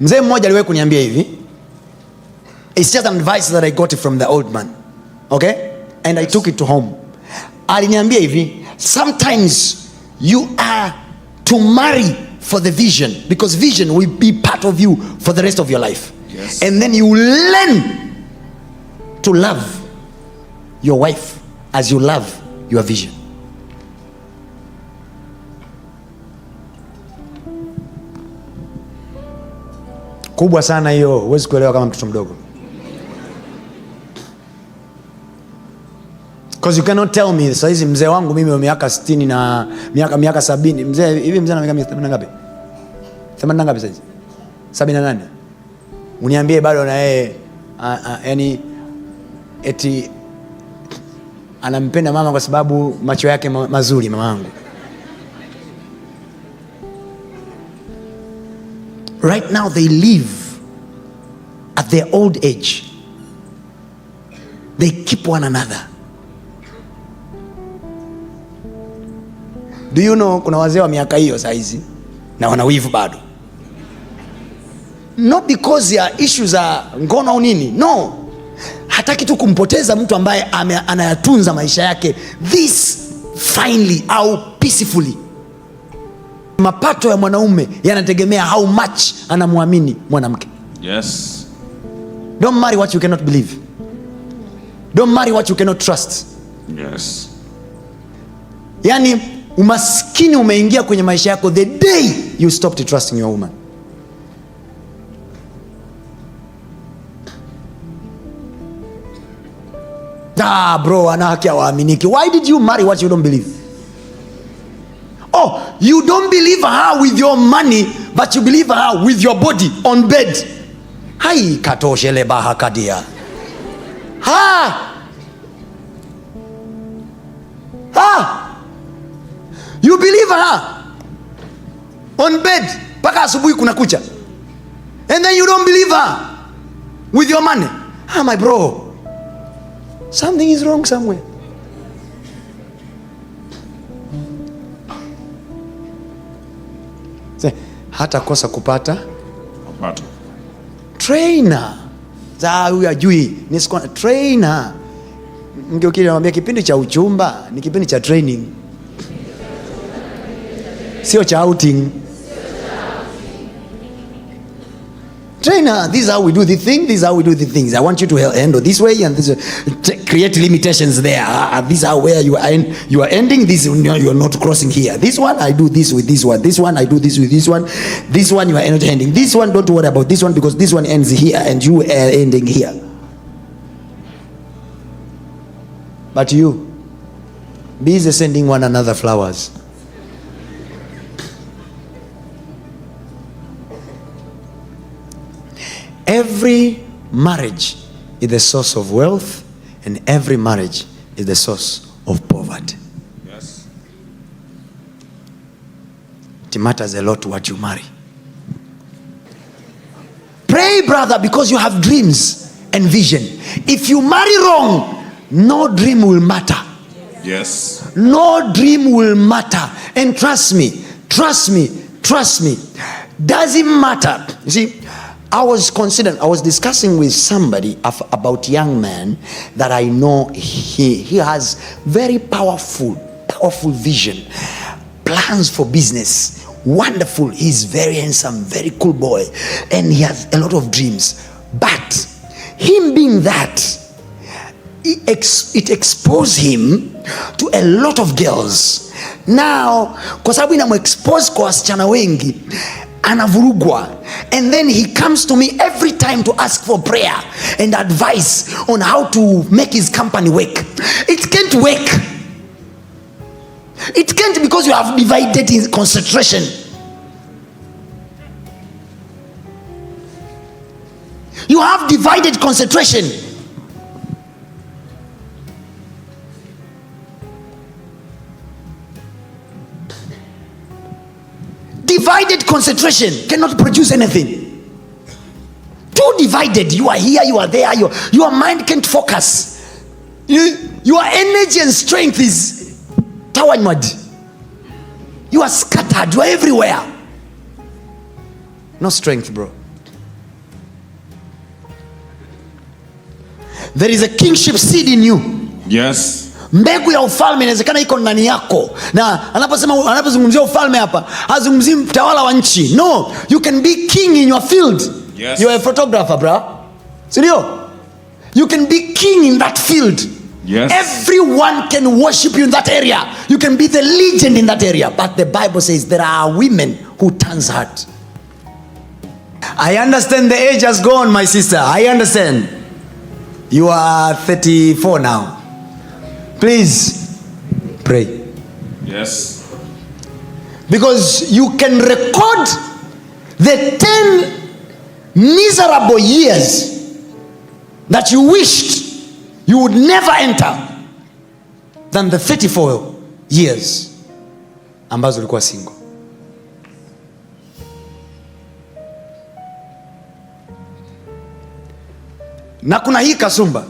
Mzee mmoja aliwahi kuniambia hivi, it's just an advice that I got from the old man okay and I took it to home. Aliniambia hivi, sometimes you are to marry for the vision because vision will be part of you for the rest of your life yes. and then you learn to love your wife as you love your vision. kubwa sana hiyo, huwezi kuelewa kama mtoto mdogo, sahizi you cannot tell me. mzee wangu mimi miaka s na miaka miaka sabini, mzee hivi, mzee ana miaka ngapi? themanini na ngapi? Saizi sabini na nane, uniambie bado na yeye yani eti anampenda mama kwa sababu macho yake ma mazuri mama wangu Right now, they live at their old age, they keep one another. Do you know, kuna wazee wa miaka hiyo hizi na wanawivu bado, not because ya ishu za ngono au nini, no hataki tu kumpoteza mtu ambaye ame, anayatunza maisha yake this finally au peacefully Mapato ya mwanaume yanategemea how much anamwamini mwanamke. Yes. Don't marry what you cannot believe. Don't marry what you cannot trust. Yes. Yani umaskini umeingia kwenye maisha yako the day you stopped trusting your woman. Ah, bro ana haki awaaminiki. Why did you marry what you don't believe? You don't believe her with your money, but you believe her with your body on bed. Hai katoshelebahakadia Ha! Ha! You believe her on bed mpaka asubuhi kuna kucha. And then you don't believe her with your money. Ah, my bro. Something is wrong somewhere. hata kosa kupata mapato. Trainer za huyu ajui ni trainer mgeukili, namwambia kipindi cha uchumba ni kipindi cha training, sio cha outing. Trainer, this is how we do the thing, this is how we do the things. I want you to handle this way and this way. Create limitations there. Uh, this is where you are, en you are ending, this you are not crossing here. This one, I do this with this one. This one, I do this with this one. This one, you are not ending. This one, don't worry about this one because this one ends here and you are ending here. But you, busy sending one another flowers. Every marriage is the source of wealth and every marriage is the source of poverty. Yes. It matters a lot what you marry. Pray, brother, because you have dreams and vision. If you marry wrong, no dream will matter. Yes. No dream will matter. And trust me, trust me, trust me. Doesn't matter. You see, I was considering, I was discussing with somebody of, about young man that I know he, he has very powerful, powerful vision, plans for business. Wonderful. He's very handsome, very cool boy, and he has a lot of dreams. But him being that, it, ex, it exposed him to a lot of girls. Now, kwa sababu inamexpose kwa wasichana wengi anavurugwa and then he comes to me every time to ask for prayer and advice on how to make his company work it can't work it can't because you have divided in concentration you have divided concentration divided concentration cannot produce anything. Too divided. You are here, you are there. Your, your mind can't focus. You, your energy and strength is tawanyad. You are scattered. You are everywhere. No strength, bro. There is a kingship seed in you. Yes. Mbegu ya ufalme inawezekana iko ndani yako, na anaposema anapozungumzia ufalme hapa hazungumzii mtawala wa nchi. No, you can be king in your field. Yes. You are a photographer bra, sindio? You can be king in that field. Yes. Everyone can worship you in that area. You can be the legend in that area. But the Bible says there are women who turns heart. I understand the age has gone, my sister. I understand. You are 34 now. Please pray. Yes. Because you can record the 10 miserable years that you wished you would never enter than the 34 years ambazo ulikuwa single. Na kuna hii kasumba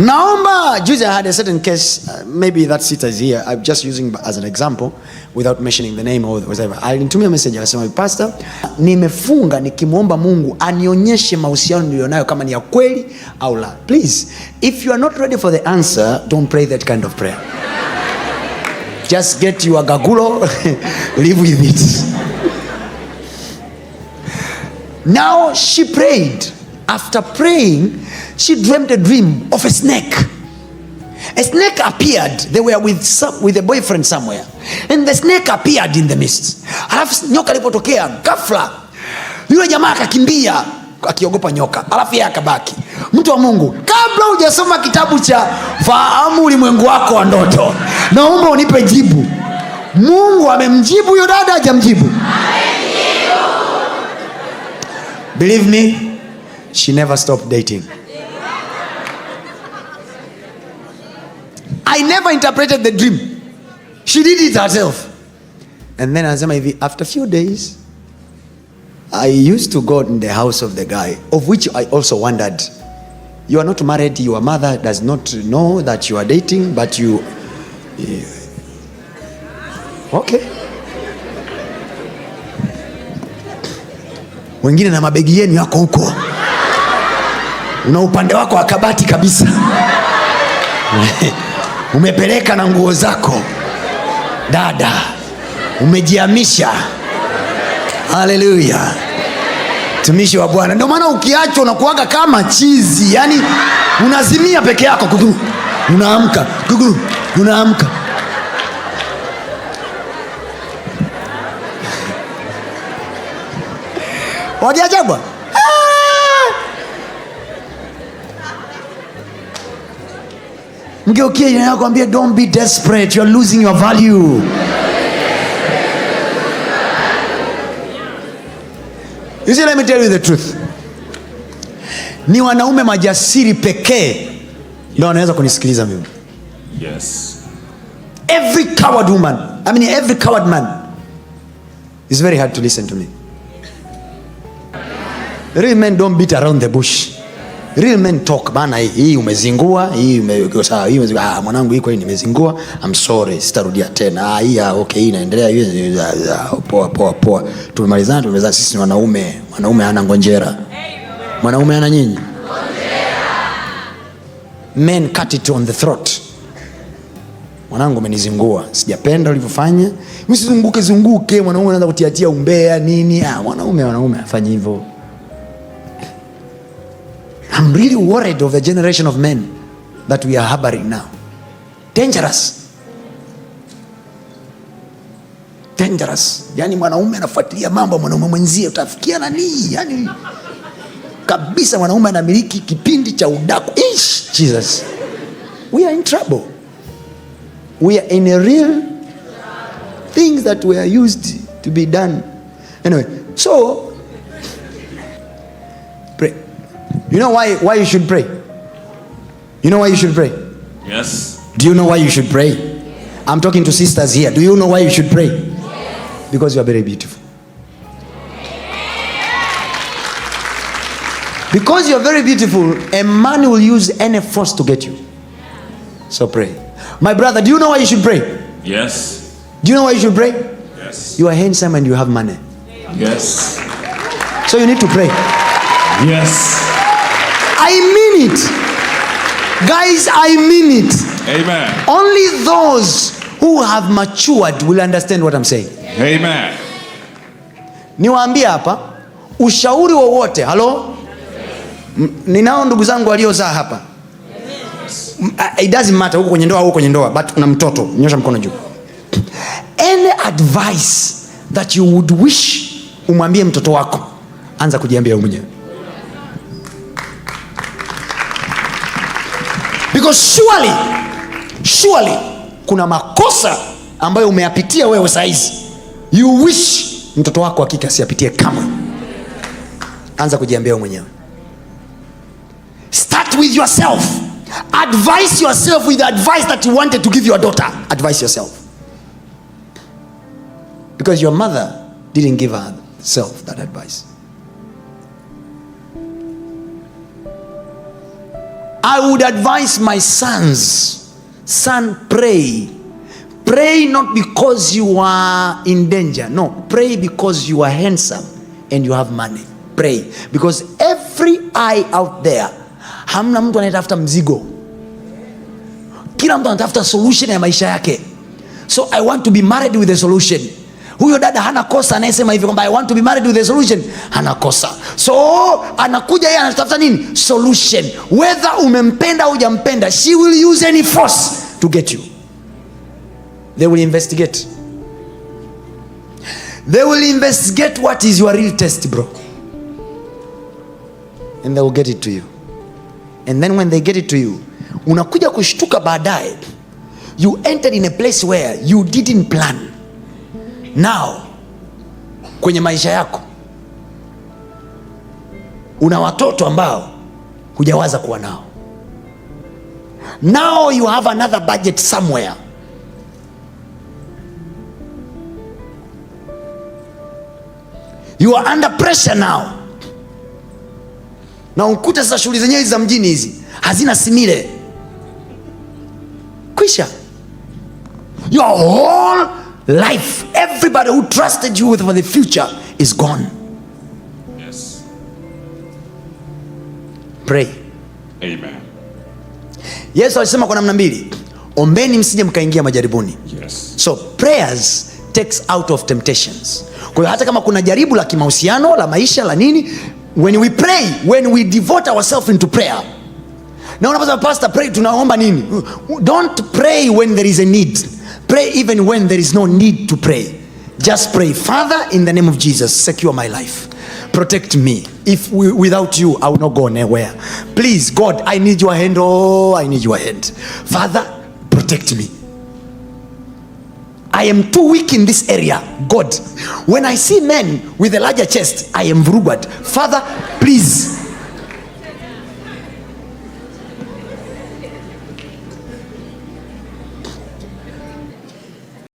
Naomba, juzi I had a certain case, uh, maybe that sitter is here. I'm just using as an example without mentioning the name or whatever. Alinitumia message akasema, Pastor, nimefunga nikimwomba Mungu anionyeshe mahusiano nilionayo kama ni ya kweli au la. Please, if you are not ready for the answer, don't pray that kind of prayer. Just get your gagulo, live with it. Now she prayed after praying, she dreamed a dream of a snake. A snake appeared. They were with, some, with a boyfriend somewhere, and the snake appeared in the mist. Alafu nyoka alipotokea ghafla, yule jamaa akakimbia akiogopa nyoka, alafu yeye akabaki. Mtu wa Mungu, kabla hujasoma kitabu cha fahamu ulimwengu wako wa ndoto, naomba unipe jibu. Mungu amemjibu huyo dada, hajamjibu? Believe me she never stopped dating. I never interpreted the dream. She did it herself. And then anasema hivi, after few days I used to go in the house of the guy of which I also wondered. You are not married, your mother does not know that you are dating, but you Okay. Wengine na mabegi yenu yako huko una upande wako wa kabati kabisa umepeleka na nguo zako dada, umejiamisha Haleluya, mtumishi wa Bwana. Ndio maana ukiachwa unakuaga kama chizi, yani unazimia peke yako, kuguru unaamka, kuguru unaamka. Wajaajabwa ah! Mgeukie jina yako, ambie don't be desperate, you are losing your value. You see, let me tell you the truth. Ni wanaume majasiri pekee ndo wanaweza kunisikiliza mimi. Yes. Every coward woman, I mean every coward man is very hard to listen to me. Real men don't beat around the bush real men talk bana, hii umezingua, hii hii umezingua. Ah, mwanangu, hii kweli nimezingua, I'm sorry, sitarudia tena. Ah, hii ah, okay, hii inaendelea, hii ah, poa poa poa, tumemalizana, Sisi ni wanaume, mwanaume hana ngonjera, mwanaume nyinyi men, cut it on the throat. Mwanangu, umenizingua, sijapenda ulivyofanya. Msizunguke zunguke, mwanaume anaanza kutiatia umbea nini. Ah, mwanaume mwanaume afanye hivyo. I'm really worried of the generation of men that we are harboring now. Dangerous. Dangerous. Yani mwanaume anafuatilia mambo mwanaume mwenzie, utafikia nani? Yani kabisa mwanaume anamiliki kipindi cha udaku. Ish, Jesus. We are in trouble. We are in a real things that were used to be done. Anyway, so You know why, why you should pray? You know why you should pray? Yes. Do you know why you should pray? I'm talking to sisters here. Do you know why you should pray? Yes. Because you are very beautiful. Because you're very beautiful, a man will use any force to get you. So pray. My brother, do you know why you should pray? Yes. Do you know why you should pray? Yes. You are handsome and you have money. Yes. So you need to pray. Yes. I mean it. Guys, I mean it. Amen. Only those who have matured will understand what I'm saying. Amen. Niwaambie hapa ushauri wowote, hello? ninao ndugu zangu waliozaa hapa. Eh, it doesn't matter huko kwenye ndoa huko kwenye ndoa, but una mtoto, nyosha mkono juu. Any advice that you would wish umwambie mtoto wako, anza kujiambia wewe mwenyewe. because surely, surely kuna makosa ambayo umeyapitia wewe saizi, you wish mtoto wako hakika asiyapitie kamwe. Anza kujiambia wewe mwenyewe, start with yourself, advise yourself with the advice that you wanted to give your daughter. Advise yourself because your mother didn't give herself that advice. I would advise my sons, son, pray. Pray not because you are in danger. No, pray because you are handsome and you have money. Pray because every eye out there, hamna mtu anayetafuta mzigo. Kila mtu anatafuta solution ya maisha yake. So I want to be married with a solution. Huyo dada hana kosa, anayesema hivyo kwamba I want to be married with a solution hana kosa. So anakuja yeye anatafuta nini? Solution. Whether umempenda au hujampenda, she will use any force to get you. They will investigate. They will investigate what is your real test bro, and they will get it to you, and then when they get it to you, unakuja kushtuka baadaye, you entered in a place where you didn't plan nao kwenye maisha yako. Una watoto ambao hujawaza kuwa nao. Now you have another budget somewhere. You are under pressure now, na ukute sasa shughuli zenyewe za mjini hizi hazina simile kwisha. Your whole life everybody who trusted you with for the future is gone. Yes. Pray. Amen. Yesu alisema kwa namna mbili, ombeni msije mkaingia majaribuni. Yes. So prayers takes out of temptations. Kwa hiyo hata kama kuna jaribu la kimahusiano, la maisha, la nini, when we pray, when we devote ourselves into prayer na unaposema pastor pray, tunaomba nini? Don't pray when there is a need. Pray even when there is no need to pray. Just pray, Father, in the name of Jesus, secure my life. Protect me. If we, without you, I will not go anywhere. Please, God, I need your hand. Oh, I need your hand. Father, protect me. I am too weak in this area. God, when I see men with a larger chest, I am vrugward. Father, please